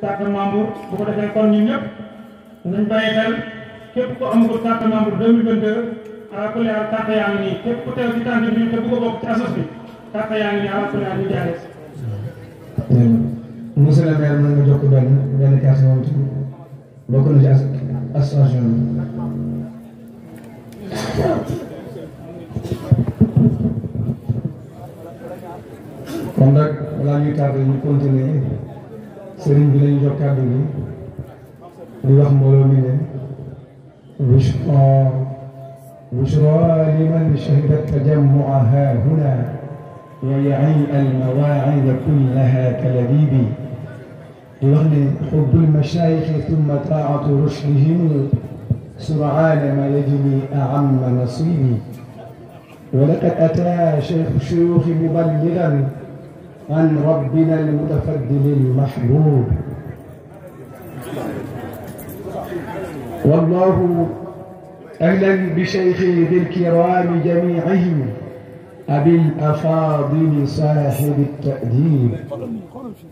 carte membre bu ko defee kon ñun ñëpp nañ bàyyi xel képp ku amagul carte membre 2022 à la kuléal carte yaa ngi nii képp ku teew ci tànn bi te bëgg a bokk ci asos bi carte yaa ngi nii à la kuléal ñu jaare monsieur le maire mën nga jokk benn benn carte moom ci bokk na ci association bi kon nag balaa ñuy tardé ñu continuer sëriñ bi lañu jox kàddu gi di wax mbooloo mi ne bushra bushra liman shahidat tajammuaha huna wa ya'i al-mawa'id kullaha kalabibi di wax ne xubbul mashaayix thumma taa'atu rushdihim سرعان ما يجني أعم نصيبي ولقد أتى شيخ الشيوخ مبلغا عن ربنا المتفضل المحبوب والله أهلا بشيخي بالكرام جميعهم أبي الأفاضل صاحب التأديب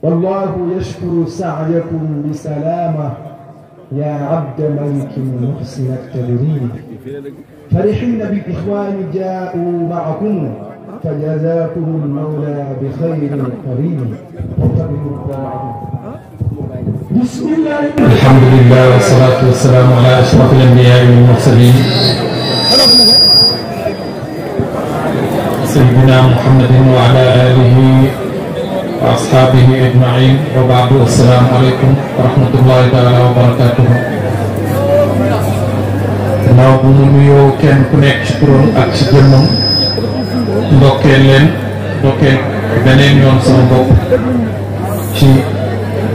والله يشكر سعيكم بسلامة يا عبد ملك محسن التدريب فرحين بالإخوان جاءوا معكم فجزاكم المولى بخير كريم بسم الله الحمد لله والصلاة والسلام على أشرف الأنبياء والمرسلين سيدنا محمد وعلى آله وأصحابه أجمعين وبعد السلام عليكم ورحمة الله تعالى وبركاته naaw bu mu nuyoo kenn ku nekk ndokkeel leen ndokkeel beneen yoon sama bopp ci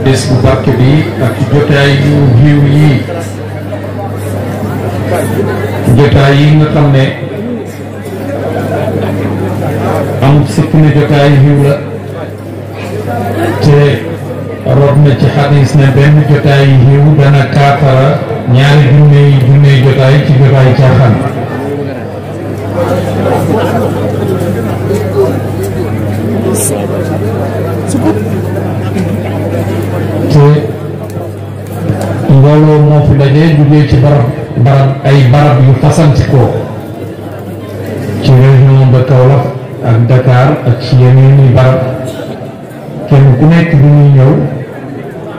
bés bu barke bi ak jotaay yu yiw yii jotaay yi nga xam ne am sikk ne jotaay yiw la te rob na ci xadis ne benn jotaay yiw dana kaatara ñaari junne jotaay ci jotaay caaxaan mbooloo moo fi dajee jugee ci barab barab ay barab yu fasantikoo ci région de Kaolack ak Dakar ak ci yeneen i barab kenn ku nekk bi ñëw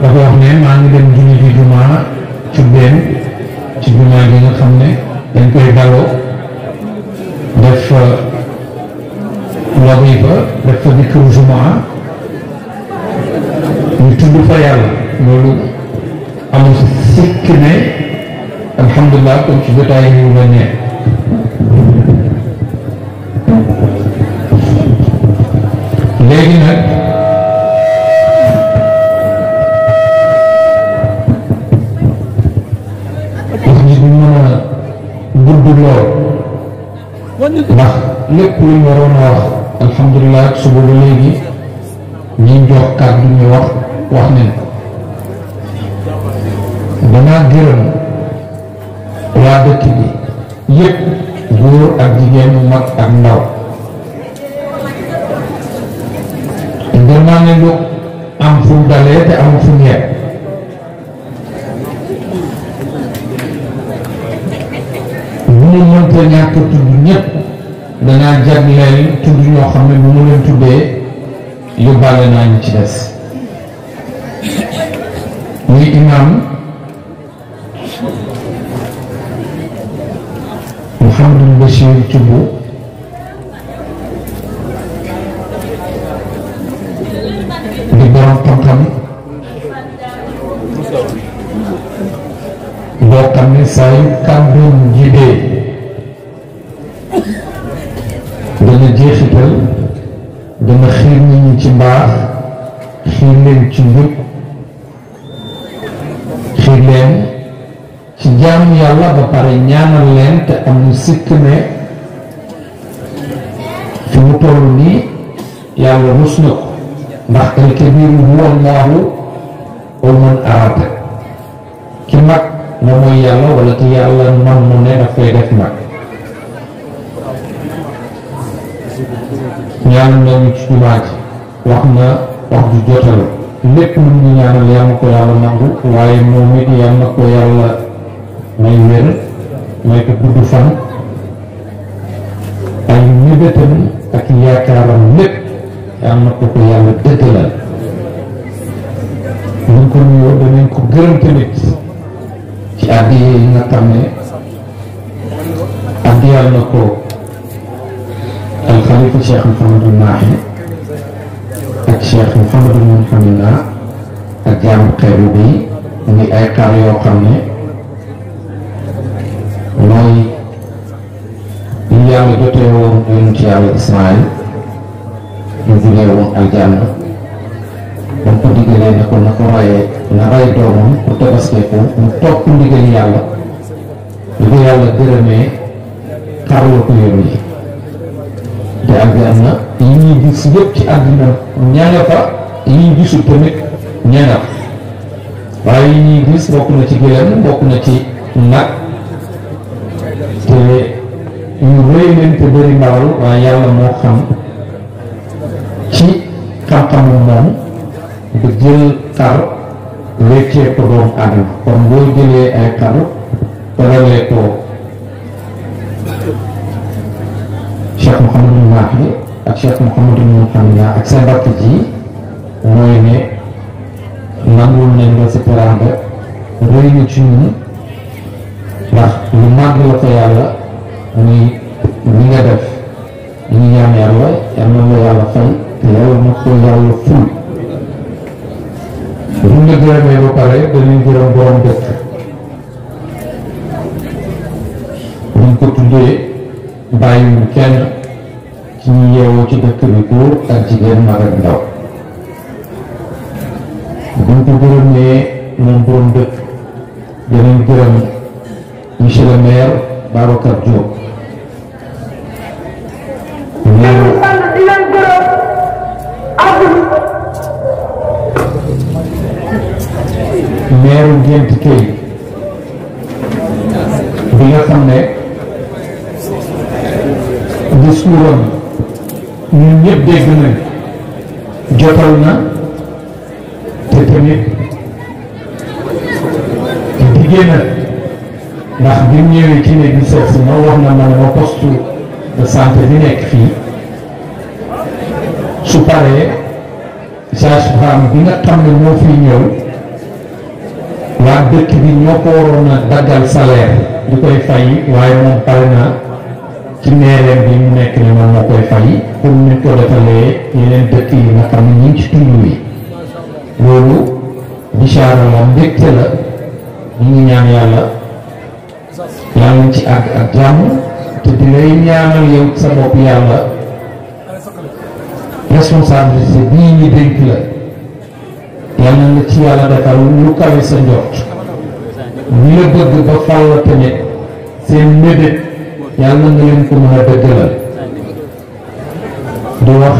dafa wax ne maa ngi dem julli ji jumaa ci ci jumaa bi nga xam ne dañ koy daloo def euh, wadifa def fa dikru jumaa ñu tudd fa yàlla loolu amul si sikk ne alhamdulilah comme ci jotaay yi nga ne léegi nag wax ji du mën a gudd lool ndax lépp lu waroon a wax alhamdulilah suba ba léegi ñi jox kàddu wax wax nañ danaa gërëm waa yep bi yëpp góor ak jigéen mag ak ndaw danaa ne lu am fu dalee te am fu ñeer bu ñu mënta ñàkk tudd ñoo bu mu leen ci imam ci tudd di borom xam-xam boo xam ne saa yu jibee dana jeexital dana xiir nit ci mbaax xiir leen ci njub xiir leen ci jaamu yàlla ba pare ñaanal leen te amul sikk ne fi mu toll nii yàlla rus na ko ndax al kabiru huwa allahu aw man ki mag na mooy yàlla wala ki yàlla man mu ne daf koy def mag ñaan nañu ci jumaa wax na wax ju jotal lépp lu ñu ñaanal yàlla ko yàlla nangu waaye moom it yàlla ko yàlla may wér may ko gudd fan ay ñébétam ak yaakaaram lépp yàlla na ko ko yàlla dëggalal ñu ko nuyoo danañ ko gërëm tamit ci àddiya yi nga xam ne àddiyal na ko alxalifa Cheikh Mouhamadou Mahi ak Cheikh Mouhamadou Mounhamina ak jaamu xeeru bi muy ay xar yoo xam ne mooy bi yàlla jotee woon yonent yàlla Ismaïl ñu jugee woon aljanna ba mu ko diggalee ne ko na ko rayee na ray doomam ku tabaskee ko mu topp ndigal yàlla li ko yàlla gërëmee xarala ko yoon yi te aljanna yi ñuy gis yëpp ci àddina ña yi ñuy gisul tamit ña waaye yi ñuy gis bokk na ci gëlëm bokk na ci nag te yu rëy leen te bëri ndawal waaye yàlla moo xam ci xam-xamum moom bu jël xar weccee ko doomu aadama kon boo jëlee ay xar teralee ko Cheikh Mouhamadou Mahi ak Cheikh ak sa mbokk ji mooy ne nangul nañ la sa teraanga rëy na ci ñun ndax lu màgg la ko yàlla muy li nga def ñu ñaan yàlla yal na la yàlla fay te yàlla na ko yàlla gërëmee ba pare dañuy gërëm borom dëkk buñ ko tuddee bàyyiwul kenn ci ñu yeewoo ci dëkk bi góor ak jigéen mag ak ndaw buñ ko gërëmee moom borom dëkk dañuy gërëm monsieur le maire Babacar Diop. maire Gént Kay bi nga xam ne discours am ñun ñëpp dégg nañ jotal parce que moom wax na ma ma poste de santé bi nekk fii su paree sage-femme bi nga xam ne moo fiy ñëw waa dëkk bi ñoo ko waroon a daggal salaire di koy fay waaye moom pare na ci meereem bi mu nekk ni moom moo koy fay pour ñu ko defalee yeneen dëkk yi nga xam ne ñu ci tund wi loolu bichaara la mbégte la ñu ñaan yàlla yang ci àgg ak jàmm te di lay ñaanal yow sa bopp yàlla responsabilité bii ñu dénk la yàlla na ci yàlla defal lu kawe sa njort ñu la bëgg ba fàll tamit seen mébét yàlla na leen ko mën a di wax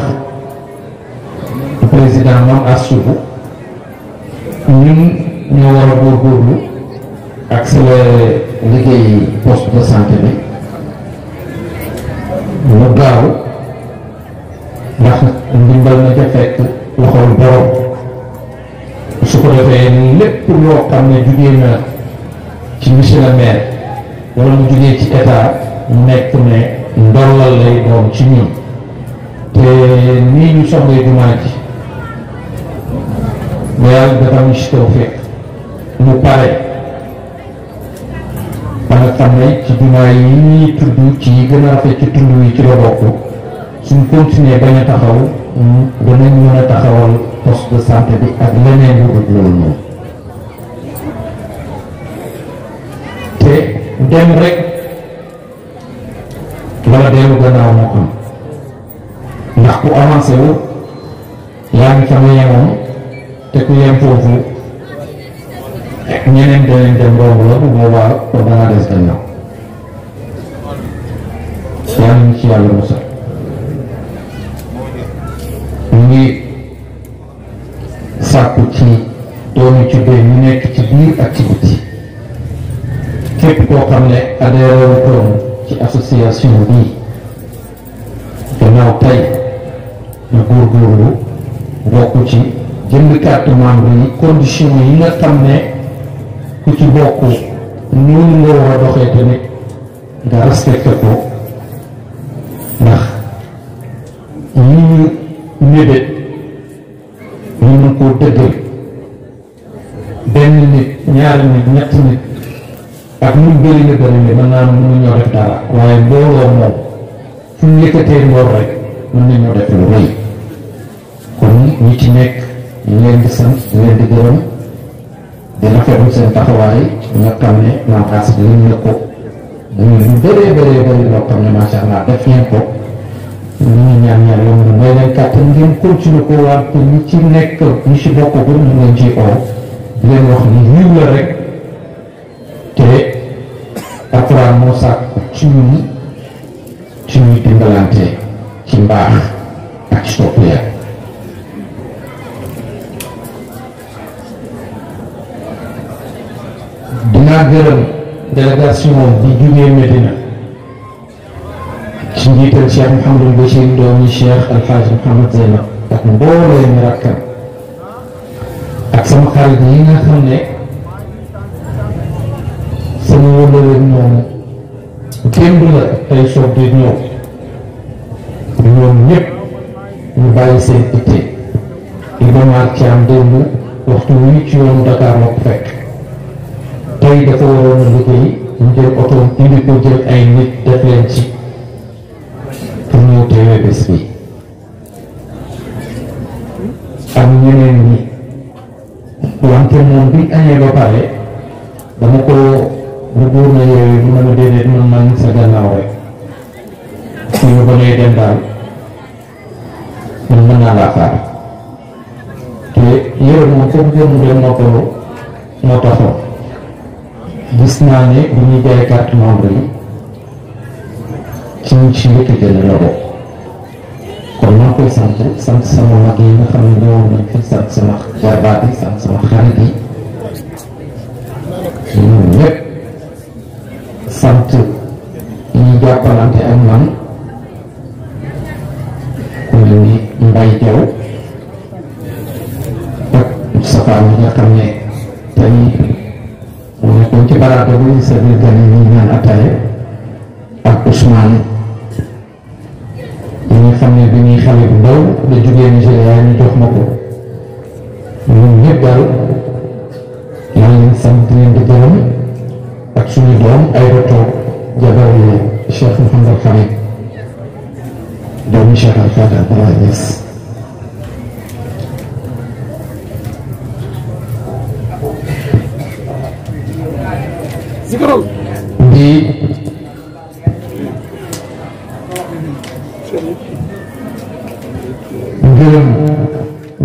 président moom assubu ñun ñoo war a góorgóorlu accélérer liggéey poste de santé bi lu gaaw ndax ndimbal na ca fekk loxol borom su ko defee lépp loo xam ne jugee ci monsieur le maire wala mu jugee ci état nekk ne ndollal lay doon ci ñun te nii ñu soxlee jumaa ji yàlla dafa am ci taw fekk mu pare nga xam ne ci jumaa yi tudd ci yi gën a rafet ci tund yi ci la bokk suñ continuer bañ a taxaw danañ mm, mën a taxawal poste de santé bi ak leneen te dem rek wala deelu gannaaw moo am ndax ku avancé wu yaa te ku yem foofu ak ñeneen beneen dem la bu boobaa ba balaa des gannaaw yàlla ñu ci yàlla musal ñu ngi sàkku ci doomi ci béy ñu nekk ci biir ak képp koo xam ne adhéré wu doon ci association bii gannaaw tey ñu góorgóorlu bokk ci jënd carte membre yi condition yi nga xam ne ku ci bokk noonu nga war a doxee tamit nga respecté ndax ñi ñu mébét ñu mën koo dëggal benn nit ñaari nit ñetti nit ak mu bëri nga bëri ni mën naa mënu ñoo def dara waaye mbooloo moom fu ñu yëkkatee mbool rek mën nañoo def lu rëy kon ñi ci nekk leen di sant leen di gërëm di rafetlu seen taxawaay nga xam ne maanaam bi la ko dañuy lu bëree bëree bëri loo xam ne macha allah ko ñu ngi ñaan ñaan yow moom mooy leen kàttan ngeen continué ko waat pour ñu ci nekk ñu ci bokkagul ñu leen ciy oo di leen wax ni yiw la rek te alxuraan ci ñun ci ci mbaax ak ci topp yàlla naa gërëm délégation bi jugee Medina ci njiital Cheikh Mouhamadul Bachir doomi Cheikh Alhaji Mouhamad Zeynab ak mbooleem rakkam ak sama xarit yi nga xam ne sama wëndaleeg noonu démb la ay soog di ñëw ñoom ñëpp ñu bàyyi seen itte li ba ci am démb waxtu wi ci yoonu Dakar la fekk tey dafa waroon a liggéey ñu jël oto bi ko jël ay nit def leen ci pour ñu teewee bés bi am ñeneen ñi wante moom bi añee ba pare dama ko bu góor na yeewee mu mën a déedéet man mën naa laa xaar te yow moom foofu jëm dem moo ko moo taxoon gis naa ne bu ñuy jaay carte membre yi ci ñu ci njëkk jënd la bokk kon maa ngi koy sant sant sama mag yi nga xam ne ñëw sama jarbaat sama ni mbay jaw kon para pemimpin bi muy servir gan yi ñuy naan ataaya ak Ousmane yi nga xam ne bi ñuy xale bu ndaw la jógee Nigéria ñu jox di gërëm Pak Suni doom ay retoog jabar yi Cheikh Mouhamed Khamid doomu Cheikh Al Fata Abdoulaye di gërëm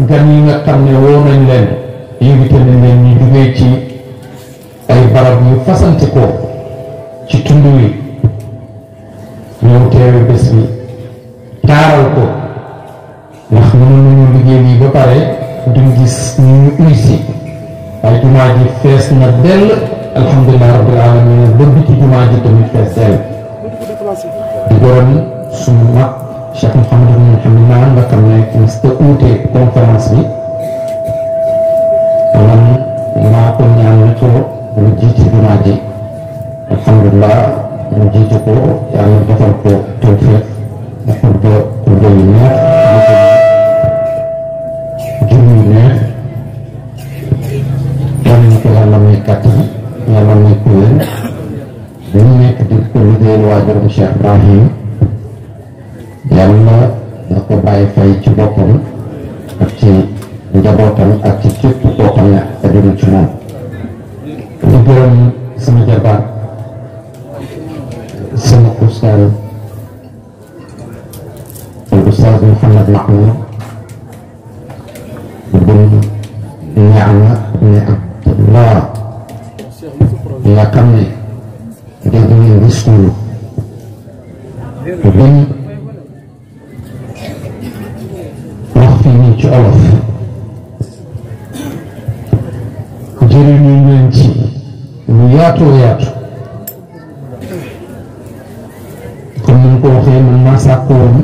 gan yi nga xam ne woo nañ leen invité nañ leen ñu jógee ci ay barab yu fasante ko ci tund wi ñëw teewe bés bi taaral ko ndax mënoon nañu liggéey bi ba pare duñ gis ñu ñu uysi ay jumaa ji fees na dell alhamdulilah rabbil alamin ba bi ci jumaa ji tamit fees dell di gërëm suñu mag Cheikh Mouhamadou Ibn Hamdan nga xam ne mos ta uute conférence bi man maa ko ñaan ni ko mu jiite jumaa ji alhamdulilah mu jiite ko yàlla defal ko tawfiq defal ko lu doy neex العالمين waajur bu Cheikh Ibrahim yàlla ya na ko bàyyi fay ci boppam ak ci njabootam ak ci ya, képp koo xam ne aju ci moom di gërëm sama jabar sama kustaan Oustaz Mouhamed Mahmoud bin Niama bin Abdullah nga xam ne وبين واختي each other jëriñu leen ci lu yaatoo yaatu comme ni ko waxee man maa sàkk woon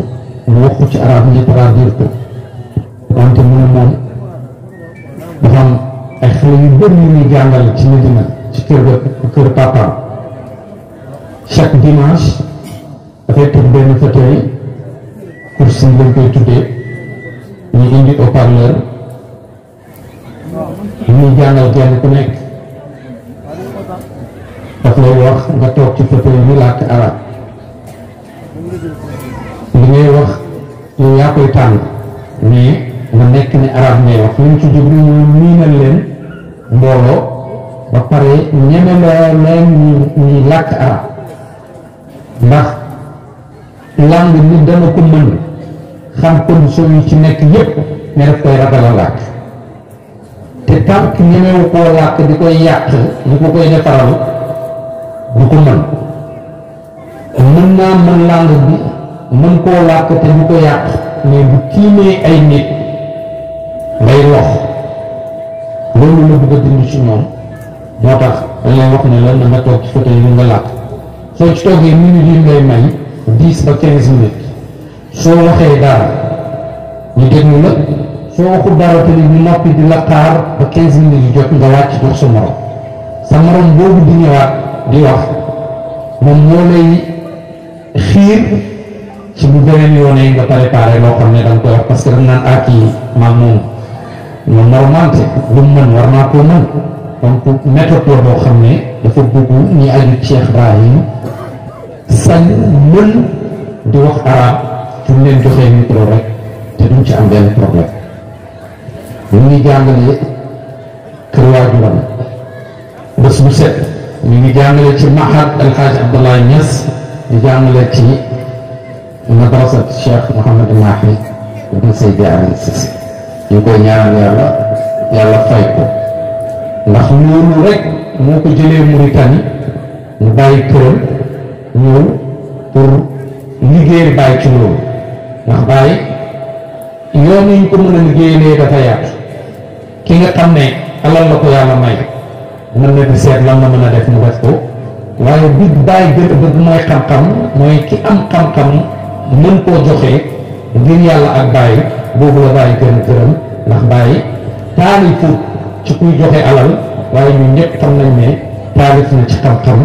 mu wax ci arab ni traduire ko wante mu ne moom dafa am ay chaque dimanche xeetum benn fauteuil kursi lañ koy tuddee ñu indi haut-parleur ñuy jàngal kenn ku nekk daf lay wax nga toog ci fauteuil ñu làkk arab li ngay wax yow yaa koy tànn mais nga nekk ne arab ngay wax luñ ci jublu ñu miinal leen mbooloo ba pare ñeme loo leen ñu ñuy làkk arab ndax langue ni dana ko mën xam condition yi ci nekk yépp ne daf koy ragal a làkk te ñu ñemewu koo làkk di koy yàq ñu ko koy defaral du ko mën mën naa mën langue bi mën koo làkk te ñu ko yàq mais bu tiimee ay nit ngay wax loolu la bëgg a dund ci ñoom moo tax dañ lay wax ne lan na nga toog ci fauteuil yi nga làkk soo ci toogee minute yi ngay may 10 ba quinze minutes soo waxee dara ñu déglu la soo waxul dara tamit ñu noppi di la xaar ba quinze minutes yu jot nga wàcc jox sa morom sa morom boobu di ñëwaat di wax moom moo lay xiir ci bu beneen yoonee nga préparé loo xam ne da nga koy wax parce que da nga naan ak ah yi maa moom ñu normante lu mu war naa koo mën donc méthode la boo dafa bëgg ñi aju Cheikh Ibrahim sañ mën di wax arab duñ leen joxee micro rek te duñ ci am benn problème ñu ngi jàngale kër waajuram bés bu set ñu ngi jàngale ci mahad alxaaj abdallah Niass di jàngale ci madrasat cheikh Mouhamed Mahi ibn Seydi Alioune Cissé ñu koy ñaanal yàlla yàlla fay ko ndax loolu rek moo ko Mauritanie mu bàyyi ñëw pour liggéeyal bàyyi ci loolu ndax bàyyi yoon yi ko mën a liggéeyalee dafa yaatu ki nga xam ne alal la ko yàlla may mën na di seet lan la mën a def mu def ko waaye bi bàyyi gën a bëgg mooy xam-xam mooy ki am xam-xam mën koo joxee ngir yàlla ak bàyyi boobu la bàyyi gën a gërëm ndax bàyyi taalifut ci kuy joxe alal waaye ñun ñëpp xam nañ ne taalif na ci xam-xam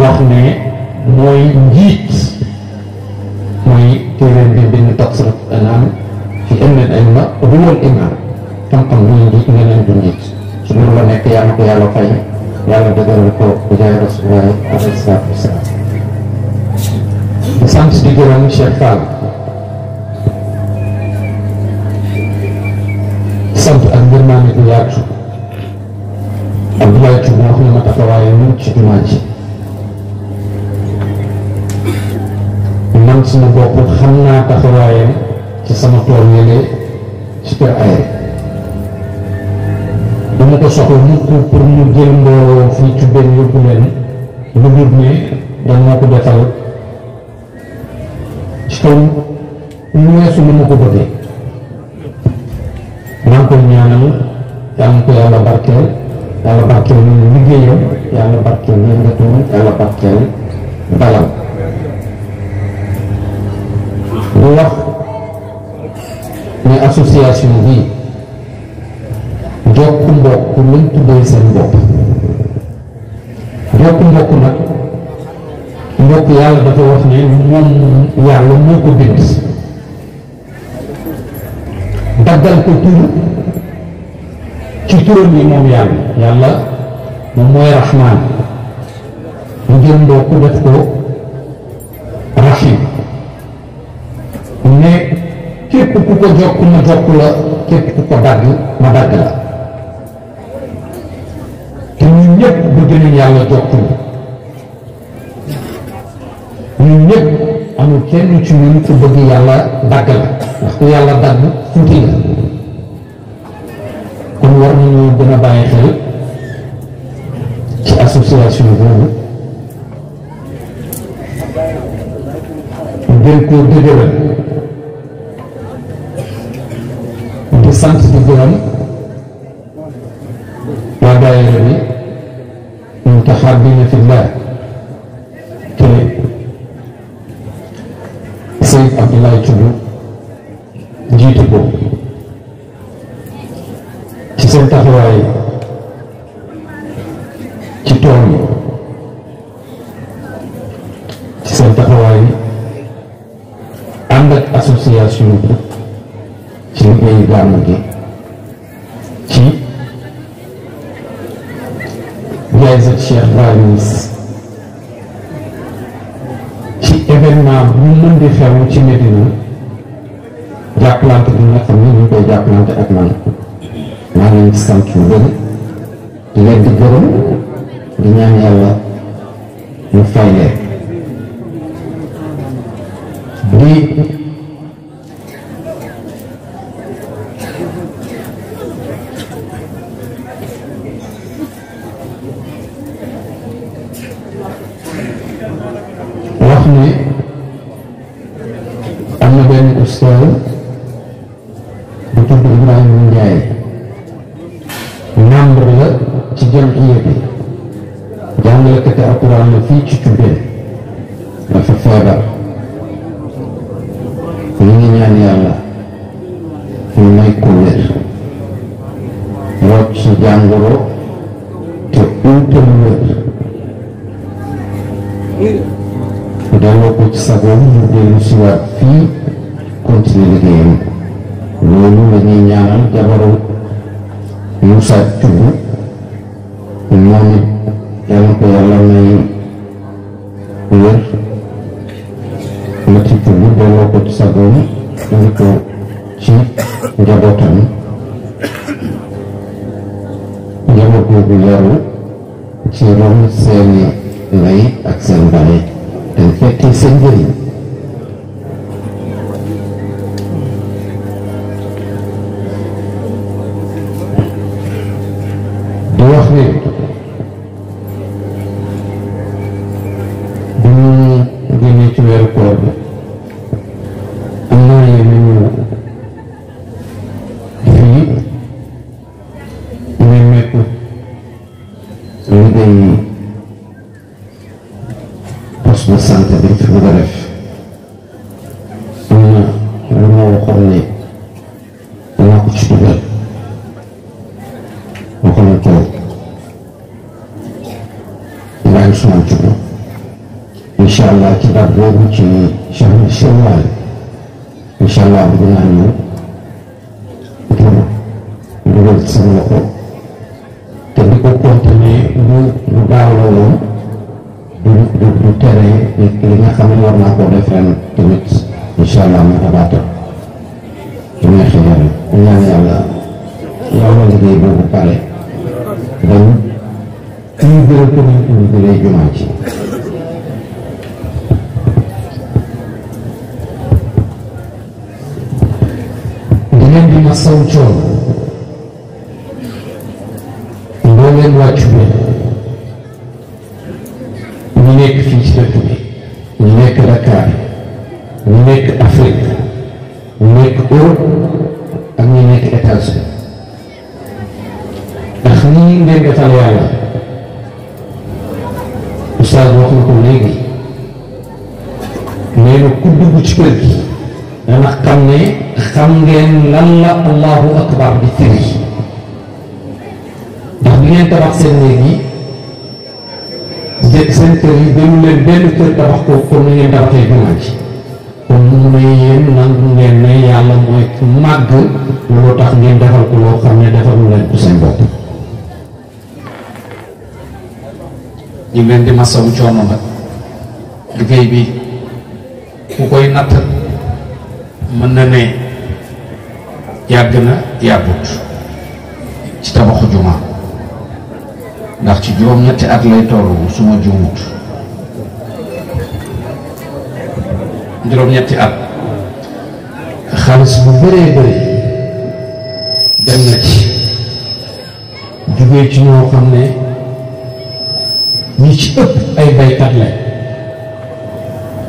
wax ne moy njiit moy téeréer bi benn tafsir anaam fi am leen ay ma ruwal imaam tam tam mooy njiit nga leen du njiit ci loolu la nekk yalla ko yalla fay yalla dëgël ko bu jaay rasulaay alayhi salaatu wasalaam di sant di gërëm Cheikh Fall sant ak ma ni yaatu ak yaatu boo xam ne ma taxawaayam ci dimanche man sama bopp xam naa taxawaye ci sama tool yële ci ter ay dama ko ni ko pour ñu jël mbooloo fii ci yu ko len lu bir ne dañ na ko defal ci kaw lu weesu lu ma ko bëgg maa ko ñaanal tam ko yàlla barkeel yàlla barkeel ñu liggéeyam yàlla barkeel yëngatoom yalla barkeel balaw Abdullah ni association bi jokk mbokk lañ tuddee seen bopp jokk mbokk nak mbok yalla dafa wax ni mom yalla moo ko bind dagal ko tur ci turam ni mom yalla yalla mom moy rahman ngeen mbok def ko képp ku ko jokk ma jokk la képp ku ko dagg ma dagg la te ñun ñëpp bëgg nañ yàlla jokk ñu ñëpp amul kenn ci ñun ku bëgg yàlla dagg la ndax ku yàlla dagg fuuti la kon war nañu gën a bàyyi xel ci association boobu gën koo dëgëral di sant di gërëm waa daayira bi Mutahabina Fillah te Sëñ Abdoulaye Thioub di xew ci Medina jàppalante bi nga xam ne ñu ngi koy jàppalante ak man maa ngi leen di sant bu bëri di leen di gërëm di ñaan yàlla ñu fay leen Imam yang pewalamai Uyar Mati tubuh dan lokot sabun Untuk ci njabootam njaboot boobu yaru ci Enyembi Masau John, Iloyen Wachwe, Minek Fichtetui, Minek Dakar, Minek Af lan la allahu akbar di firi ndax bi ngeen tabax seen néeg yi seen kër yi gënu leen benn kër tabax ko comme ni ngeen tabaxee jumaa ji kon mu ne yéen nangu ngeen ne yàlla mooy màgg loo tax ngeen defal ko loo xam ne defalu leen ko seen bopp ñu ngi leen di masawu coono nag liggéey bi ku koy natt mën na ne yàgg na yàggut ci tabaxu juma ndax ci juróom-ñetti at lay toll suma juumut juróom-ñetti at xaalis bu bëree bëri dem ci jugee ci ñoo xam ne ñi ci ëpp ay baykat la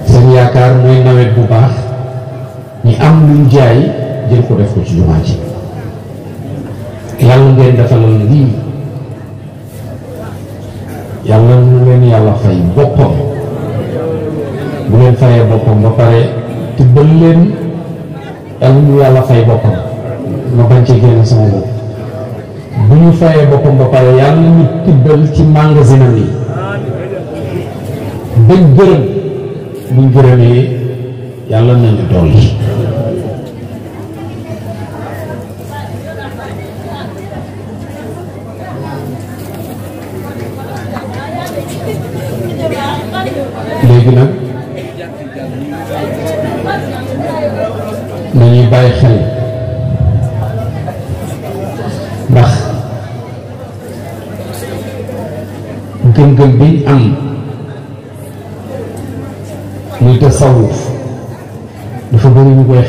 seen yaakaar mooy nawet bu baax ñi am luñ jaay jël ko def ko ci jumaa ji yàlla ngeen defaloon lii yàlla nu leen yàlla fay boppam bu leen fayee boppam ba pare tibbal leen yàlla nu yàlla fay boppam ma bañ cee génn sama bopp bu ñu fayee boppam ba pare yàlla ñu tibbal ci magasinam yi bañ gërëm buñ gërëmee yàlla nañu dolli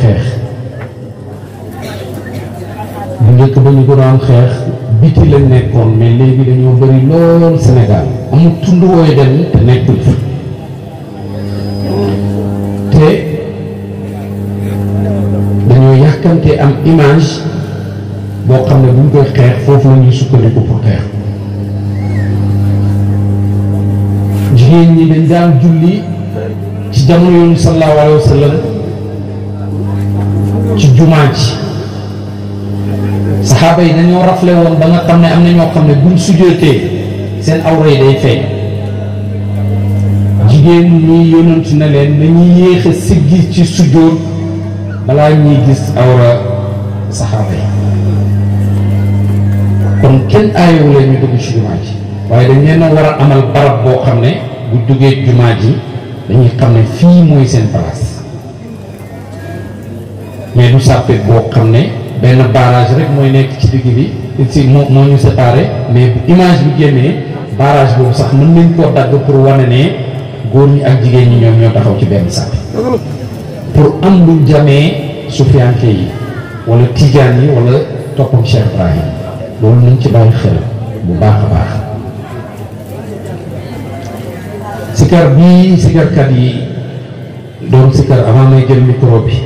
xeex bu njëkk ba ñu ko daan xeex biti la nekkoon mais léegi dañoo bëri lool Sénégal amul tund wooy dem te nekkul te dañoo yàkkante am image boo xam ne bu koy xeex foofu la ñuy sukkandiku pour xeex jigéen ñi dañ daan julli ci jamono yoonu sallallahu alayhi wa jumaa ji saxaaba yi dañoo rafle ba nga xam ne am na ñoo xam ne buñ sujjootee seen awra yi day feeñ jigéen ñi yonent na leen dañuy yéex a ci sujjoot balaa ñuy gis awra saxaaba yi kon kenn aayowu ñu dugg ci jumaa ji waaye dañ leen a war a amal barab boo xam ne bu duggee jumaa ji dañuy xam ne fii mooy seen place mais du sàppee boo xam ne benn barrage rek mooy nekk ci digg bi si moo moo ñu séparé mais bu image bi génnee barrage boobu sax mën nañ koo dagg pour wane ne góor ñi ak jigéen ñi ñoom ñoo taxaw ci benn sàppe pour am lu jamee sufiyanke yi wala tijaan yi wala toppam Cheikh Ibrahim loolu nañ ci bàyyi xel bu baax baax sikar bii sikarkat yi doon sikar avant may jël micro bi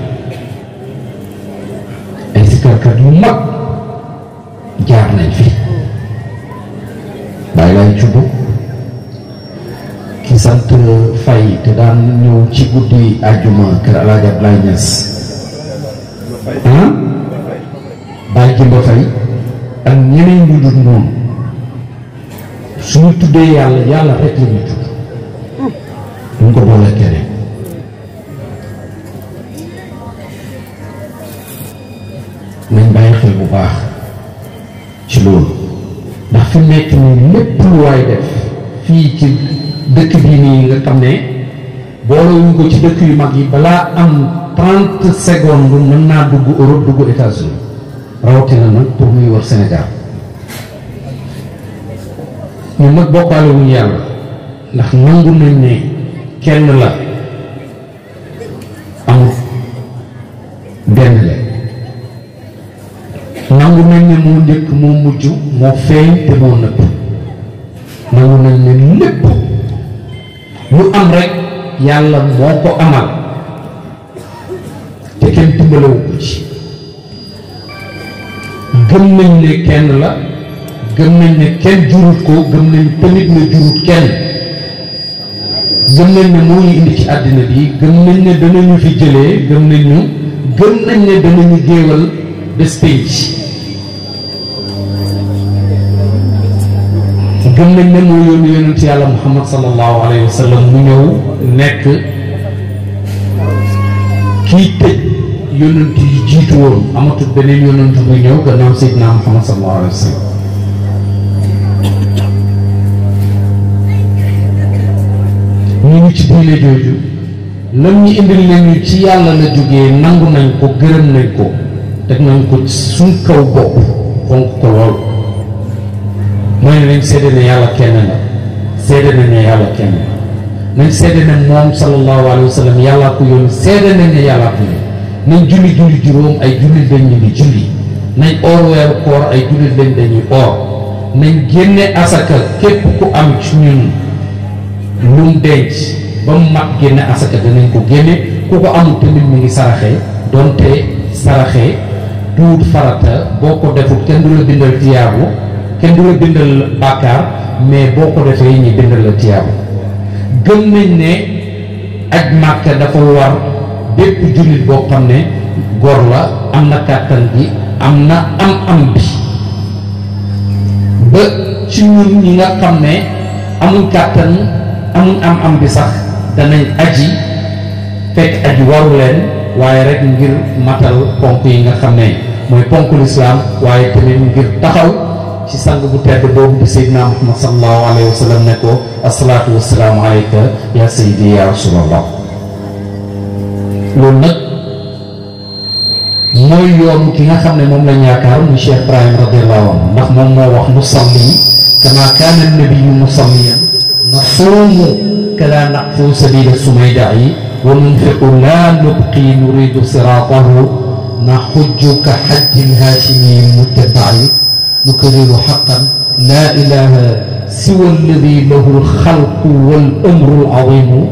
te daan ñëw ci guddi àjjuma kër Alaaji Abdoulaye Niass ah Jimba Faye ak ñeneen ñu dul noonu suñu tuddee yàlla yàlla rek la ñu tudd duñ ko boole keneen nañ bàyyi xel bu baax ci loolu ndax fi nekk nii lépp lu waay def fii ci dëkk bii nii nga xam ne boolewuñ ko ci dëkk yu mag yi balaa am trente secondes mën naa dugg Europe dugg États-Unis rawatina nag pour muy war Sénégal ñun nag bokkaale yàlla ndax nangu nañ ne kenn la amul benn la nangu nañ ne moo njëkk moo mujj moo feeñ te moo nëpp nangu nañ ne lépp lu am rek yàlla moo ko amal te kenn dimbalewu ko ci gëm nañ ne kenn la gën nañ ne kenn jurut ko gëm nañ tamit ne jurut kenn gëm nañ ne moo ñu indi ci àddina bi gëm nañ ne danañu fi jëlee gëm nañu gëm nañ ne danañu géewal des pénc gëm nañ ne moo yónni yónnent yàlla muhammad sallallahu alayhi wa sallam mu ñëw nekk kii tëj yónnent yi jiitu woon amatul beneen yónnent bu ñëw gannaaw seydina muhammad sallallahu alayhi wa sallam ñu ci diine jooju lam ñu indil nañu ci yàlla la jógee nangu nañ ko gërëm nañ ko teg nañ ko suñ kaw bopp fonk ko mooy ne nañ seede ne yàlla kenn la seede nañ ne yàlla kenn la nañ seede ne moom sallallahu alayhi yàllaa ko yoon seede nañ ne yàllaa ko yoon nañ julli julli juróom ay jullit lañ ngi julli nañ oor weeru koor ay jullit lañ dañuy oor nañ génne asaka képp ku am ci ñun lu denc ba mu mag génne asaka danañ ko génne ku ko amul tamit mu ngi saraxee donte saraxee tuut farata boo ko deful kenn du la bindal tiyaabu kenn du la bindal bàkkaar mais boo ko defee ñu bindal la tiyaab gëm nañ ne aj màkka dafa war bépp jullit boo xam ne góor la am na kàttan bi am na am am bi ba ci ñun ñi nga xam ne amuñ kàttan amuñ am am bi sax danañ aji fekk aji waru waaye rek ngir matal ponk yi nga xam ne mooy ponk lislaam waaye tamit ngir taxaw ci sang bu tedd boobu di sayyidina Muhammad sallallahu Alaihi Wasallam sallam ne ko asalaatu wasalaamu alayka ya sayyidi ya Rasulullah loolu nag mooy yoon ki nga xam ne moom lañ yaakaar mu Cheikh Ibrahim radiallahu anhu ndax moom moo wax nu salli kama kaana nabiyu musalliyan nasuumu kala naqfu sabila sumayda'i wa nunfiqu la nubqi nuridu siratahu naxujju ka xajjin haashimi muttaba'i نكرر حقا لا اله سوى الذي له الخلق والامر العظيم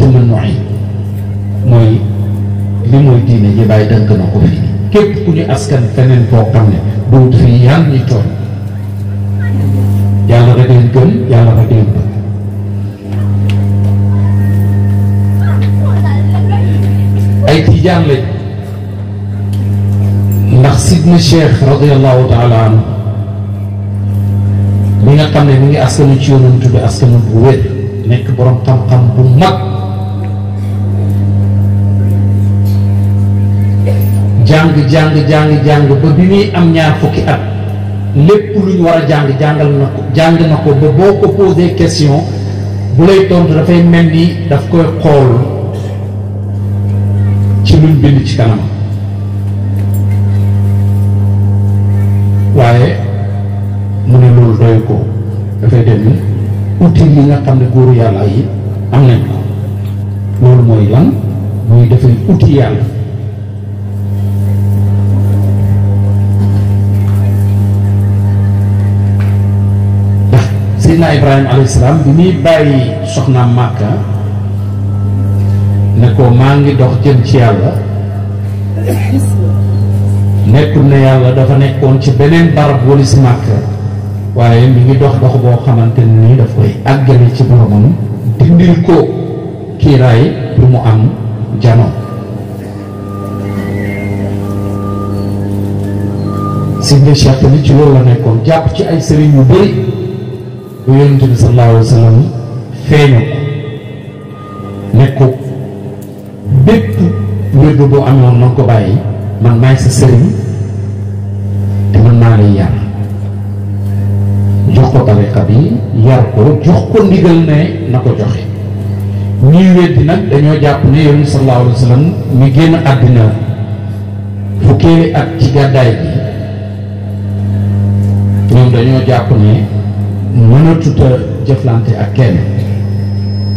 ثم المعين موي لي موي دينا جيباي دانك نكو في كيب كوني اسكان فنن بو خامل دوت في يان ني تور يالا رك لين گن يالا رك لين بو اي تيجان لي ناخ سيدنا الشيخ رضي الله تعالى عنه mi nga xam ne mi ngi askanu ci yonent bi askanu bu wér nekk borom xam-xam bu mag jàng jàng jàng jàng ba bi muy am ñaar fukki at lépp lu ñu war a jàng jàngal na ko jàng na ko ba boo ko posé question bu lay tontu dafay mel ni daf koy xool ci luñ bind ci kanam waaye. doy ko dafay dem ni outil yi nga xam ne góoru yi ya am ya. nañ ko loolu mooy lan mooy dafay outil yàlla ndax Seydina Ibrahima alayhi bi muy bàyyi soxnaam Màkka ne ko ngi dox jëm ci ne dafa ci barab waaye mi ngi dox dox boo xamante ni daf koy àggale ci boromam dindil ko kiiraay du mu am jano Sëriñ Cheikh tamit ci loolu la nekkoon jàpp ci ay sëriñ yu bëri bu yonent bi sallallahu alayhi wa feeñu ko nekk bépp wér bu amoon na ko bàyyi man maay sa sëriñ bi yar ko jox ko ndigal ne na ko joxe ñii weddi nag dañoo jàpp ne yonent bi sallallahu alayhi wa sallam mi génn àddina fukkeeli at ci gàddaay bi ñoom dañoo jàpp ne mënatut a jëflante ak kenn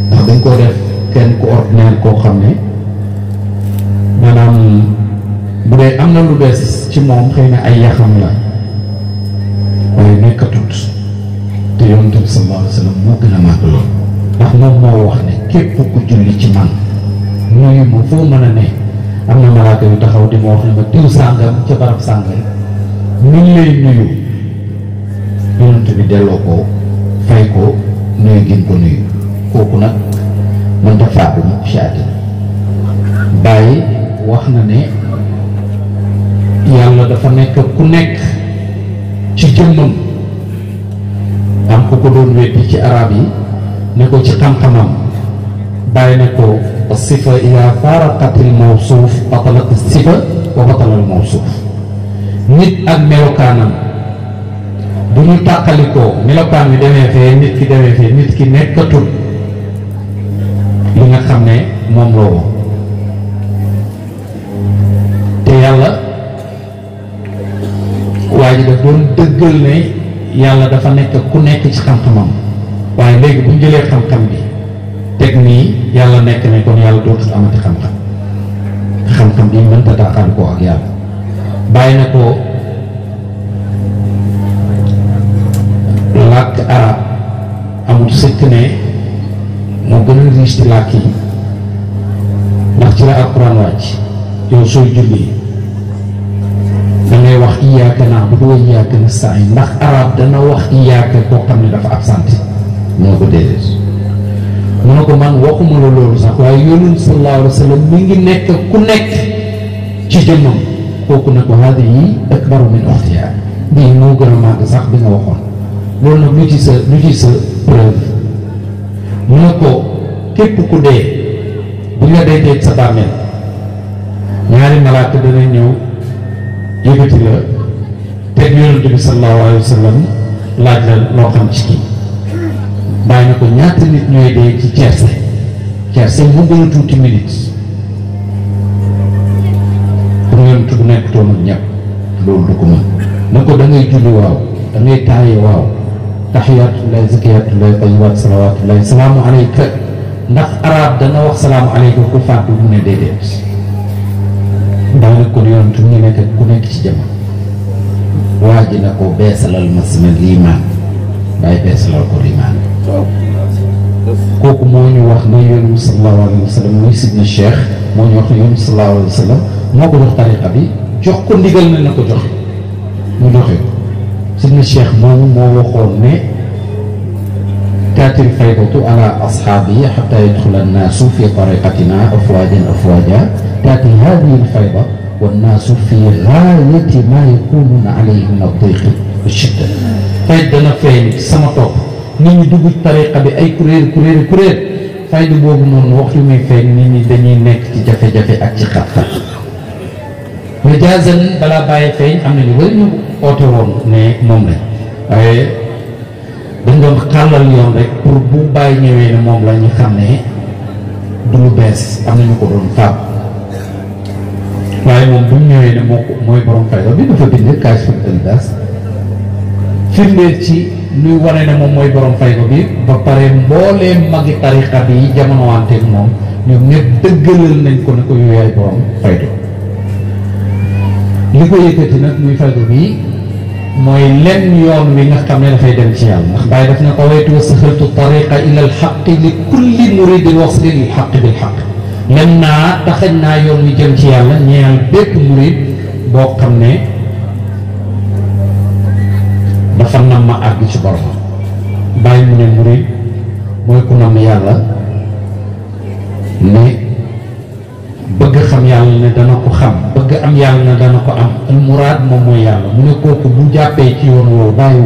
ndax dañ koo def kenn ku ordinaire koo xam ne maanaam bu dee am na lu bees ci moom xëy na ay yaxam la waaye nekkatut yonent bi sallallahu alayhi wa moo gën a màgg lool ndax moom moo wax ne képp ku julli ci man nuyu ma foo mën a ne am na malaaka yu taxaw di ma wax ne ma diw sàngam ca barab sàngam mi lay nuyu yonent bi delloo ko fay ko nuyu gën ko nuyu kooku nag mën ta fàggu bàyyi wax na ne yàlla dafa nekk ku nekk ci jëmmam ko doon weddi ci arab yi ne ko ci xam-xamam bàyyi ne ko sifa yaa faaraqatil mawsuuf batalat sifa wa batalal mawsuuf nit ak melokaanam bu ñu tàqalikoo melokaan bi demee fee nit ki demee fee nit ki nekkatul li nga xam ne moom loolu te yàlla waa ji daf doon dëggal ne yàlla dafa nekk ku nekk ci xam-xamam waaye léegi bu ñu jëlee xam-xam bi teg nii yàlla nekk ne kon yàlla dootul amati xam-xam xam-xam bi mënta daaxaan koo ak yàlla bàyyi na ko làkk arab amul sëkk ne moo gën a riche làkk yi ndax ci la alquran wàcc yow sooy julli iyaaka naa bu doo iyaaka na saay ndax arab dana wax iyaaka koo xam ne dafa absente mun na ko déedéet mun ko man ngi nekk ku nekk ci jëmmam kooku ne ko haadihi akbaru min uxtiha bii moo gën a màgg sax bi nga waxoon loolu nag lu ci sa lu ci sa preuve mun na ko képp ku dee bi nga dee sa bàmmeel ñaari malaaka dana ñëw yëkkati la teg yonent bi laaj la loo xam ko ñaata nit ñooy ci cerse cerse mu gën a tuuti na ko da ngay julli waaw da ngay salaamu aleyka ndax arab dana wax salaamu aleyka ku fàttu mu ne déedéet ndax nga kon yoon fi mu ngi nekk ku nekk ci jamono waa ji na ko beesalal ma sama liimaan waaye beesalal ko liimaan kooku moo ñu wax ne yoonu sallallahu alayhi wa sallam muy sidna cheikh moo ñu wax ne yoonu sallallahu alayhi wa sallam moo ko jox tariqa bi jox ko ndigal na na ko joxe mu joxe ko sidna cheikh moomu moo waxoon ne تأتي الفيضة على أصحابه حتى يدخل الناس في طريقتنا أفواجا أفواجا تأتي هذه الفيضة والناس في غاية ما يكونون عليه من الضيق والشدة fayda dana feeñ sama topp nit ñi dugg tariqa bi ay kuréel kuréel kuréel fayda boobu noonu wax yu muy feeñ nit ñi dañuy nekk ci jafe-jafe ak ci xat-xat majaazan balaa bàyyi feeñ am na ñu bëri oote woon ne moom lañ waaye dañ doon xàllal yoon rek pour bu bàyyi ñëwee ne moom la ñu du lu bees am na ñu ko doon faam waaye moom bu ñu ne moo mooy borom Kajoor bi dafa bind kaay suñu dëndaas firndeel ci luy wane ne moom mooy boroom fayko bi ba pare mbooleem magi tariqa bi jamonowanteeg moom ñoom ñëpp dëggalal nañ ko ne ko yow yaay borom li ko yëkkati nag muy fayko bi mooy lenn yoon wi nga xam dafay dem ci yàlla ndax bàyyi daf ne ko waytu wa saxaltu tariqa ila alxaqi li kulli muridin waxsilil xaqi bilxaq mën naa taxañ naa yoon wi jëm ci yalla ñeal bëpp murid bo xamne ne dafa nam ma ag ci borom bay mu ne murid moy ku nam yalla ne bëgg xam yalla ne dana ko xam bëgg am yalla ne dana ko am al murad mom moy yalla mu ne kooku bu jappé ci yoon wo bayu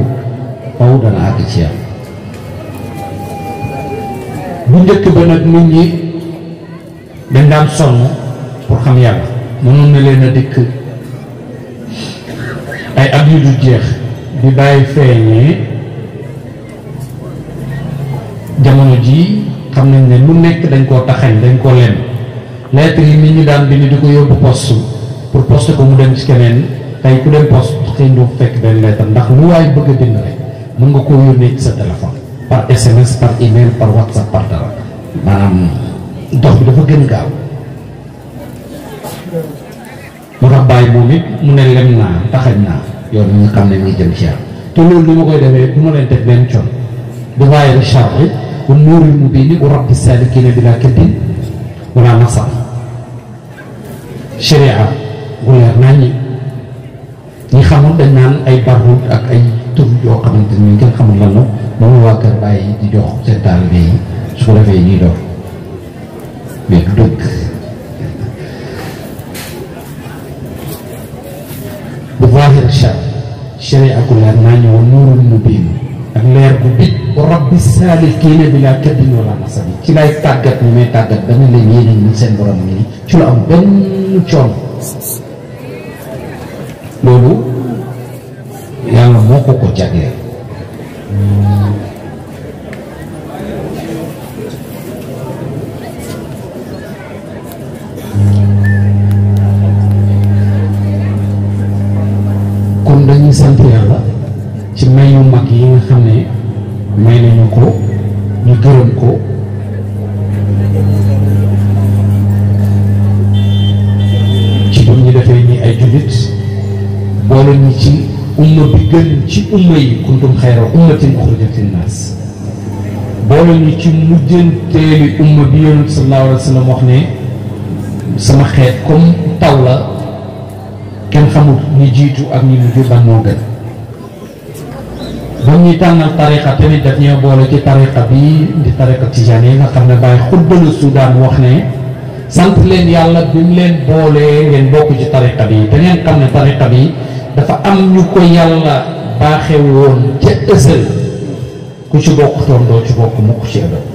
faw dana àgg ci yalla bu njëkk ba nak nit ñi dañ daan sonn pour xam yalla mënoon na leena dik ay at du jeex di baye feeñee jamono ji xam nañ ne lu nekk dañ ko taxañ dañ ko len lettre yi nit ñi daan bind diko ko poste pour poste ko mu dem ci kenen tay ku dem poste xey doo fekk ben lettre ndax lu way bëgg a bind rek mën nga ko yone ci sa téléphone par SMS par email par WhatsApp par dara manam ndox bi dafa gën gaaw bayi tax bàyyi moom it mu ne lem naa taxañ naa yoon ñu xam ne muy jëm ci yàlla te loolu li ma koy defee du ma leen salikina bila kaddin wala nasar sharia gu leer naa ñi ñi ay barut ak ay lan di jox su biar duduk بظاهر الشرع شريعة كلها ناني ونور مبين ak leer bu bit rabbi salikina bila kadin wala nasab ci lay tagat ni may tagat dama la yene ni sen borom ni ci lu am ben ciom lolu yalla moko ko jagle jullit boole ñu ci umma bi gën ci umma yi kuntum xayra ummatin uxrijat linnaas boole ñu ci mujjanteeli umma bi yonent sallallahu alayhi wa wax ne sama xeet comme taw la kenn xamul ñi jiitu ak ñi mujj ban moo gën ba ñuy tànnal tariqa tamit daf ñoo boole ci tariqa bi di tariqa tijaani nga xam ne bàyyi xutbala Suudaan wax ne sant leen yàlla bi mu leen boolee ngeen bokk ci tariqa bi da ngeen xam ne tariqa bi dafa am ñu ko yàlla baaxe woon ca ësël ku ci bokk toon doo ci bokk mukk ci ëllëg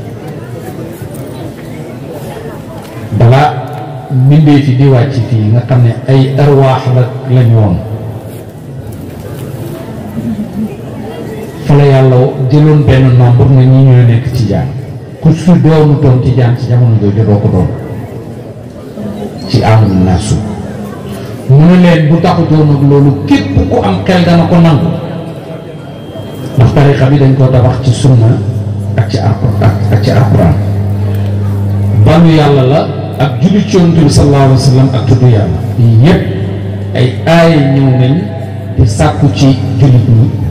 balaa mbindee fi di wàcc fii nga xam ne ay arwaax la lañ woon fa la yàlla jëloon benn nombre na ñi nekk ci jaan ku su doonu ci jaan ci jamono jooju doo ko ci aamun naasu mu ne leen bu taxutoon ak loolu képp ku am xel dana ko nangu ndax tarixa bi dañ koo tabax ci sunna ak ci ak ci alquran banu yàlla la ak julli ci yonent bi sallallahu alayhi ak tuddu yàlla yii ay aaya ñëw nañ te sàkku ci jullit ñi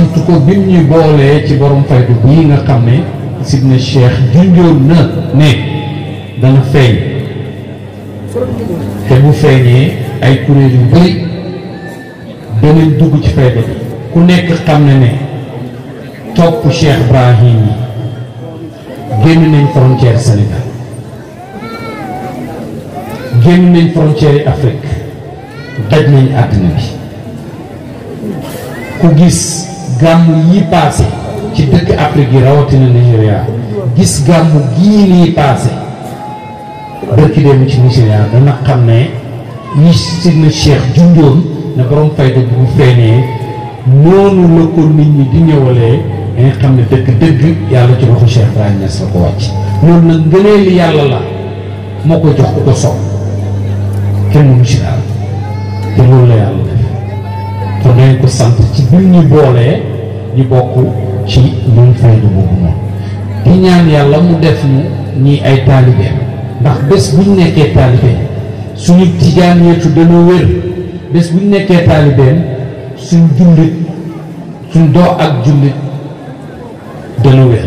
sant ko bi ñuy boolee ci borom faydu bii nga xam ne sidna cheikh junjoon na ne dana feeñ te bu feeñee ay kuréel yu bëri danañ dugg ci faydu bi ku nekk xam ne ne topp cheikh Ibrahim yi génn nañ frontière Sénégal génn nañ frontière Afrique daj nañ àddina bi gàmm yi paase ci dëkk Afrique yi rawatina Nigéria gis gàmm gii nii paase bërki dem ci Nigéria dana xam ne ñi sidna Cheikh junjoon na borom fayda bu feenee noonu la ko nit ñi di ñëwalee danga xam ne dëkk dëgg yàlla ci waxu Cheikh Ibrahima Niass la ko wàcc loolu nag ngëneel yàlla la moo ko jox ko ko soog kenn mënu ci daal te loolu la yàlla def kon nañ ko sant ci bi ñu boolee ñu bokk ci ñun faydu boobu moom di ñaan yàlla mu def ñu ñii ay taalibe ndax bés buñ nekkee taalibe suñu tijaan yeetu dañoo nekkee taalibeem suñ doo ak jullit dañoo wér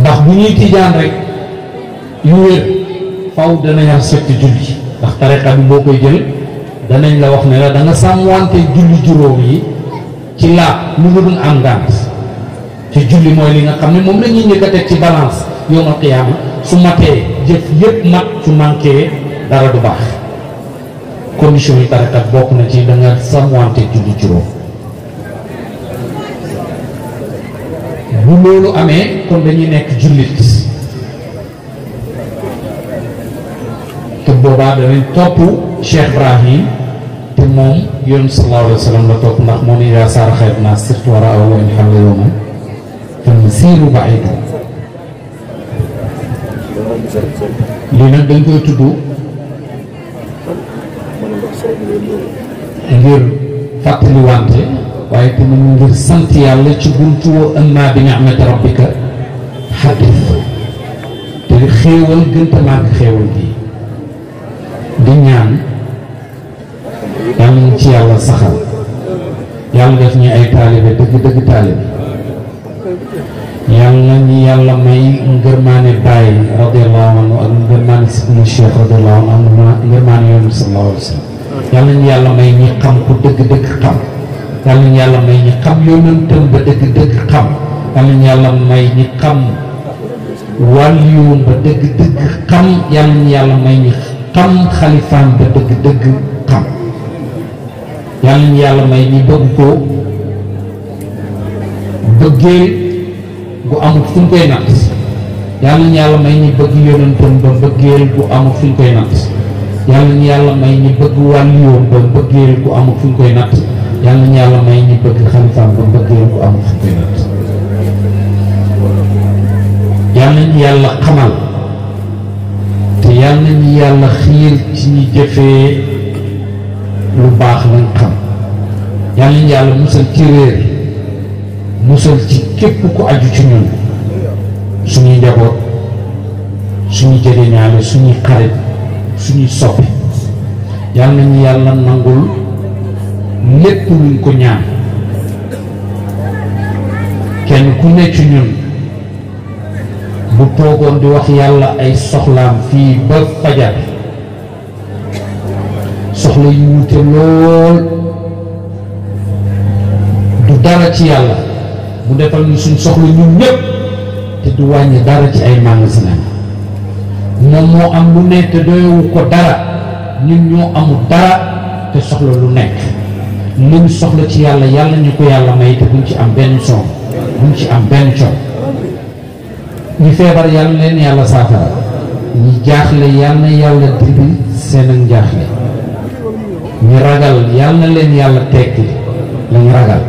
ndax bu ñuy tijaan rek yu wér faw dana ñaar setti julli ndax tariqa bi moo koy jël danañ la wax ne danga da nga sàmmwante julli juróom yi ci laab lu dul am ngànt ci julli mooy li nga xam ne moom la ñuy ci balance yawmal qiyaama su matee jëf yëpp mat su manqué dara du baax condition yi tarakat bokk na ci da nga sàmmwante julli juróom bu loolu amee kon dañuy nekk jullit te boobaa danañ topp Cheikh Ibrahim te moom yoon sallallahu Alaihi Wasallam sallam la topp ndax moo ne yaa saar xayb naa sirtu wara aw wa in xalla yowma fal masiru baidu lii nag dañ koy tudd ngir fàttali wante waaye tamit ngir sant yàlla ci buntu wa amma bi ni'mati rabbika Hadith te xéewal gënta màgg xéewal bii di ñaan yàlla ci yàlla saxal yàlla def ñi ay taalibe dëgg dëgg taalibe yàlla ñi yàlla may ngërmaane bàyyi radiallahu anhu ak ngërmaane sibna cheikh radiallahu anhu ngërmaane yoonu sallallahu alayhi wa sallam yàlla ñu yàlla may ñi xam ku dëgg dëgg xam yàlla ñu yàlla may ñi xam yonentam ba dëgg dëgg xam yàlla ñu yàlla may ñi xam wàllu yoon ba dëgg dëgg xam yàlla ñu yàlla may ñi xam xalifaam ba dëgg-dëgg xam yàlla ñu yàlla may ñu bëgg ko bëggee bu amul fu ñu koy natt yàlla ñu yàlla may ñu bëgg yonentam ba bëggeel bu amul fu ñu koy natt yàlla ñu yàlla may ñu bëgg wàlliyoom ba bëggeel bu amul fu ñu koy natt yàlla ñu yàlla xamal yàlla nañu yàlla xiir ci jëfee lu baax lañ xam yàlla nañu yàlla musal ci réer musal ci képp ku aju ci ñun suñuy njaboot suñuy jegeñaale suñuy xarit suñuy soppi yàlla nañu yàlla nangul lépp luñ ko ñaan kenn ku nekk ci ñun bu toogoon di wax yàlla ay soxlaam fii ba fajar soxla yu wute lool du dara ci yàlla bu defal ñu suñ soxla ñun ñëpp te du wàññi dara ci ay magasinam moom moo am lu nekk te doyowu ko dara ñun ñoo amul dara te soxla lu nekk luñ soxla ci yàlla yàlla ñu ko yàlla may te buñ ci am benn soom buñ ci am benn coow ni feebar yalla leen yalla saafara ñi jaaxle yalla yalla dibi dindi seen ak jaaxle ragal yalla na leen yalla tekki ni ragal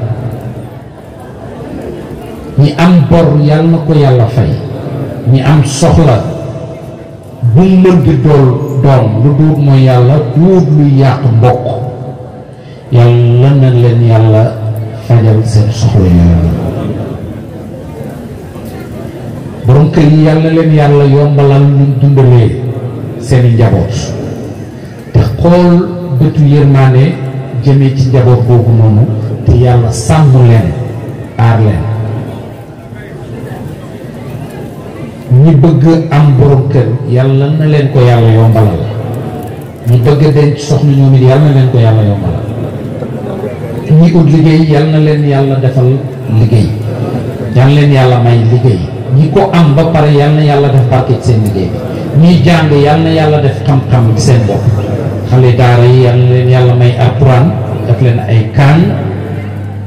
ñi am bor yalla ko yalla fay ñi am soxla bu mën di dool doom lu duut mo yalla duut lu yaq mbokk yalla nan leen yalla fajal seen soxla yalla borom kër yi yàlla leen yàlla yombalal luñ dundalee seeni njaboot te xool bëtu yërmaane jëmee ci njaboot boobu noonu te yàlla sàmm leen aar leen ñi bëgg am borom kër yàlla na leen ko yàlla yombalal ñi bëgg a denc soxna ñoom it yàlla na leen ko yàlla yombalal ñi ut liggéey yàlla na leen yàlla defal liggéey yàlla leen yàlla may liggéey niko am ba pare yalla yalla def barke ci seen liggéey bi ñiy yalla yal def kam kam ci seen bopp xale daara yi yalla len yalla may alquran def len ay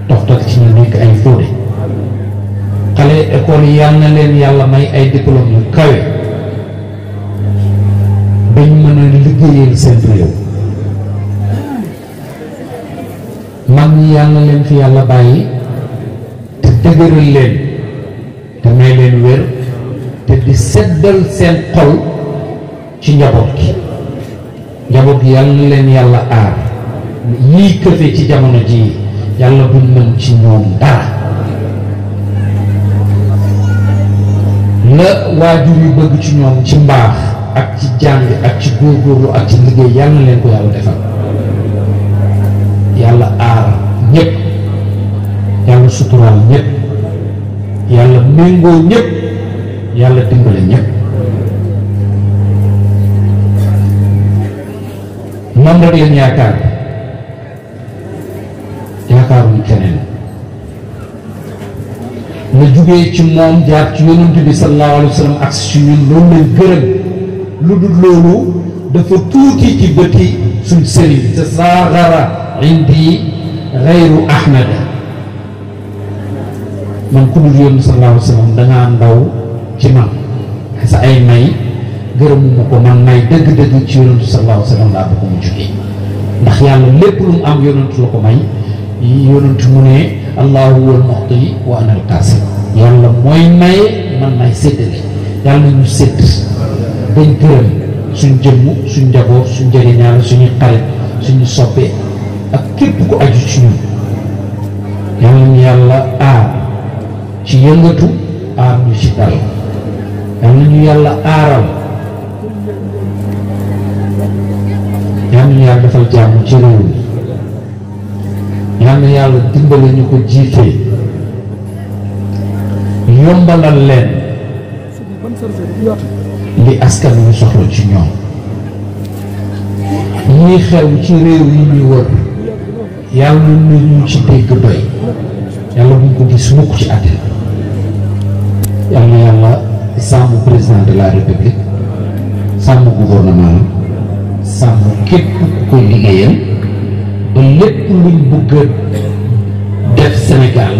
tok tok ci ñu nek ay fodé xale école yalla len yalla may ay diplôme yu kawé bañ mëna liggéeyal réew man yalla len fi yalla bayyi te dëgëral len di seddal seen xol ci njaboot gi njaboot yàlla leen yàlla aar yii këfe ci jamono ji yàlla buñ mën ci ñoom dara la waajur yu bëgg ci ñoom ci mbaax ak ci jàng ak ci góorgóorlu ak ci liggéey yàlla leen ko yàlla defal yàlla aar ñëpp yàlla suturaal ñëpp yàlla méngoo ñëpp yàlla dimbale ñëpp moom rek lañ yaakaar yaakaaruñ keneen la jugee ci moom jaar ci yonent bi sallallahu alayhi wa ak si ñun loolu lañ gërëm lu dul loolu dafa tuuti ci bëti suñ sëriñ te saagara indi xayru ahmada man ku dul yonent sallallahu alayhi wa ndaw ci man sa ay may geureum mu ko man may deug deug ci yonantu sallallahu alaihi wasallam sallam laa bëgg mu jógee ndax yalla lepp lu am yonantu la ko may yonantu mu ne allahu wal muxti wa ana al qasim yalla moy may man may seddel yalla nañu sedd dañ geureum suñ jëm suñ jabo suñ jëri ñaan suñ xarit suñ soppé ak képp ko aju ci ñun yàlla ñu yàlla aar ah. ci yëngatu aar ah, ñu ci dal yang yàlla aaral yang na yàlla defal jàmm ci réew mi yal na yàlla dimbale ñu ko jiitee yombalal leen li askan wi soxla ci ñoom ñuy xew ci réew yi ñuy wër yàlla na ñu ci dégg doy yàlla buñ ko gis mukk ci àddina yal na di sàmm président de la république sàmm gouvernement sàmm képp ku koy liggéeyal ba lépp luñ bëgg a def Sénégal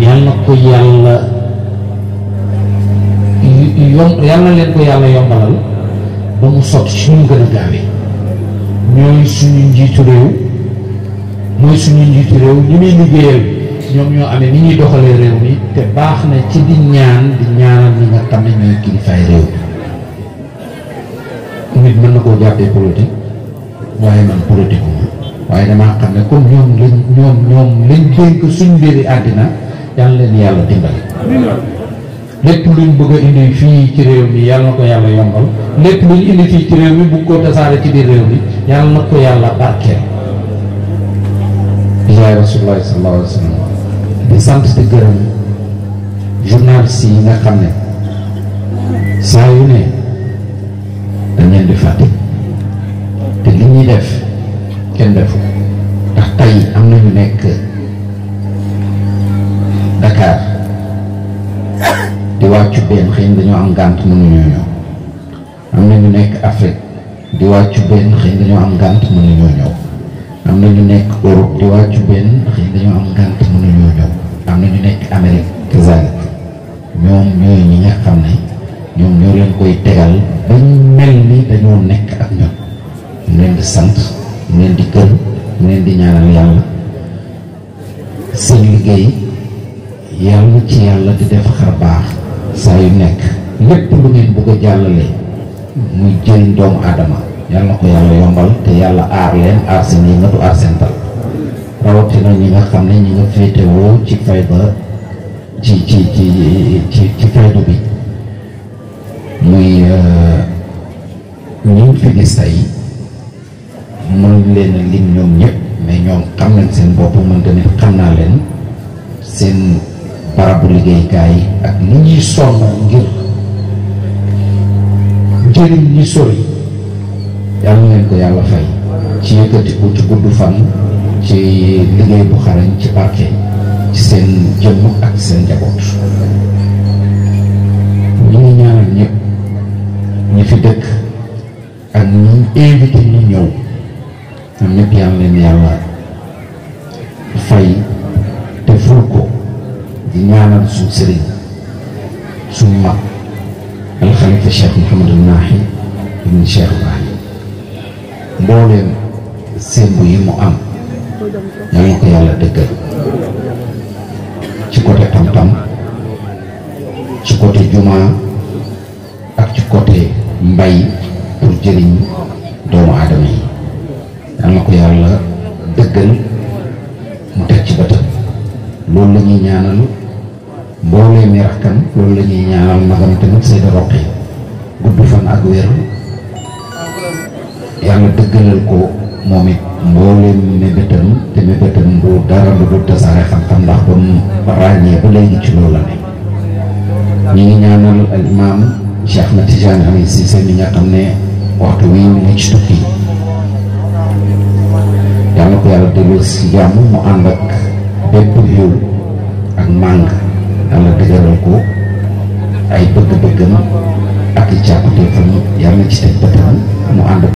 yàlla ko yàlla yom yàlla leen ko yàlla yombalal ba mu sotti suñu gën a gaawee ñooy suñu njiitu réew mooy suñu njiitu réew ñu muy liggéeyal ñoom ñoo amee ni ñuy doxalee réew mi te baax na ci di ñaan di ñaanal ñi nga xam ne kilifaay réew mi nit mën na koo jàppee politique waaye man politique ma waaye damaa xam ne comme ñoom lañ ñoom ñoom lañ dénk suñ mbiri àddina yàlla leen yàlla dimbali lépp luñ bëgg a indi fii ci réew mi yàlla na ko yàlla yombal lépp luñ indi fii ci réew mi bugg koo tasaare ci réew mi yàlla na ko yàlla barkeel. bilaay rasulullah sallallahu sant di gërëm journaliste yi nga xam ne saa yu ne dañ leen di fàtte te li ñuy def kenn defu ndax tey am na ñu nekk Dakar di wàccu benn xëy dañoo am gànt mënuñoo ñëw am na ñu nekk Afrique di wàccu benn xëy dañoo am gànt mënuñoo ñëw ñu am gànt mënuñoo am ñu nekk Amérique kazalik ñoom ñooy ñi nga xam ñoom ñoo leen koy tegal ba ñu dañoo nekk ak ñoom leen di sant leen di gërëm leen di ñaanal yàlla seen liggéey yàlla ci yàlla di def xar baax saa yu nekk lépp lu ngeen bëgg muy ko yalla yombal te yàlla aar leen aar seen yëngatu ar seen tal rawatina ñi nga xam ne ñi nga féetewoo ci fayda ci ci ci ci ci faydu bi muy ñu fi gis tey mën leen a ñoom ñëpp mais ñoom xam nañ seen bopp man tamit xam naa leen seen barabu liggéeykaay ak ni ñuy sonn ngir jëriñ ñi sori yàlla ngeen ko yàlla fay ci yëkkati ko ci gudd fan ci liggéey bu xarañ ci barke ci seen jëmm ak seen njaboot ñu ngi ñaanal ñëpp ñi fi dëkk ak ñi invité ñu ñëw am ñëpp yàlla leen yàlla fay te ful ko di ñaanal suñ sëriñ suñ mag alxalifa cheikh Mouhamadul Mahi ibn cheikh Bahi mbooleem sémb yi mu am yang kaya ko yàlla dëggal tam-tam juma ak ci mbay pour jëriñ doomu aadama yi yal ko yàlla dëggal mu teg ci ñaanal ñaanal magam tamit fan ak ko boleh mébétam te mébétam bu dara lu dul tasaare xam-xam ndax ba mu ràññee ba léegi ci loolu la ne ñu ngi ñaanal al imaam Cheikh Ahmed Tidiane Hamidou Cissé mi nga xam ne waxtu wi mu ngi ci tukki yàlla ko yàlla delloo si jàmm mu ànd ak bépp yiw ak màng yàlla dëgëral ko ay bëgg-bëggam ak ci mu